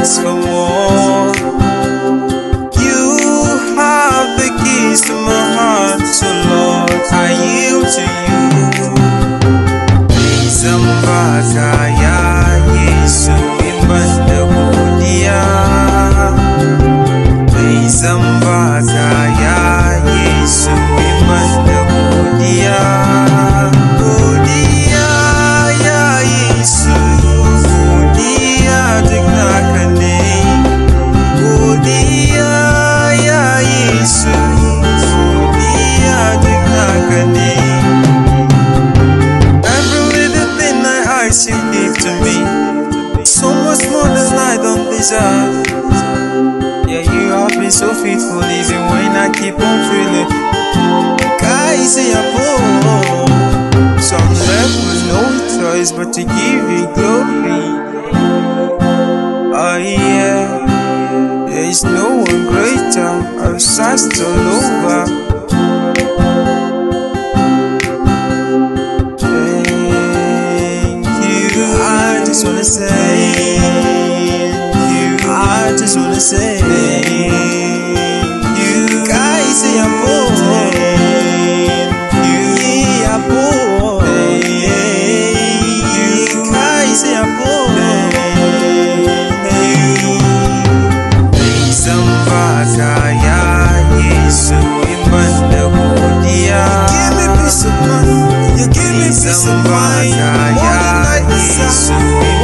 lights go on. You have the keys to my heart, so Lord, I yield to you. Zambaka ya Yesu. deserve. Yeah, you have been so faithful even when I keep on feeling. Guys, Kaiser, some left with no choice but to give you glory. Oh yeah, there is no one greater. I've searched all over. Thank you. I just wanna say say You guys say I'm poor You are poor You guys say I'm poor Reason bataya Yesu imanda kudia Give me peace of mind You give me peace of mind More than I deserve